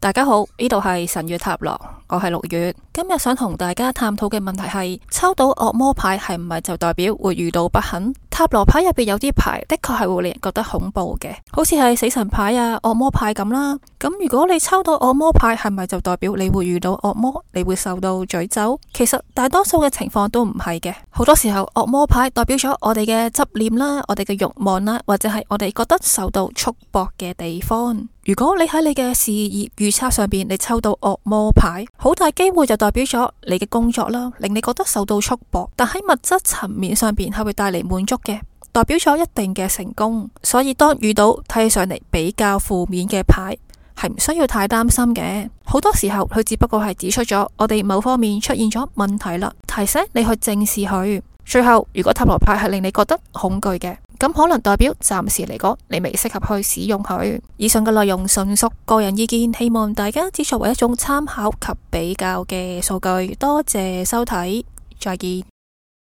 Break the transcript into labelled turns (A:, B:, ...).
A: 大家好，呢度係晨月塔羅，我係六月，今日想同大家探討嘅問題係：抽到惡魔牌係唔係就代表會遇到不幸？塔羅牌入邊有啲牌的確係會令人覺得恐怖嘅，好似係死神牌啊、惡魔牌咁啦。咁如果你抽到惡魔牌，係咪就代表你會遇到惡魔，你會受到詛咒？其實大多數嘅情況都唔係嘅，好多時候惡魔牌代表咗我哋嘅執念啦、我哋嘅欲望啦，或者係我哋覺得受到束縛嘅地方。如果你喺你嘅事業預測上邊，你抽到惡魔牌，好大機會就代表咗你嘅工作啦，令你覺得受到束縛，但喺物質層面上邊係會帶嚟滿足。代表咗一定嘅成功，所以當遇到睇起上嚟比較負面嘅牌，係唔需要太擔心嘅。好多時候佢只不過係指出咗我哋某方面出現咗問題啦，提醒你去正視佢。最後，如果塔羅牌係令你覺得恐懼嘅，咁可能代表暫時嚟講你未適合去使用佢。以上嘅內容純屬個人意見，希望大家只作為一種參考及比較嘅數據。多謝收睇，
B: 再見。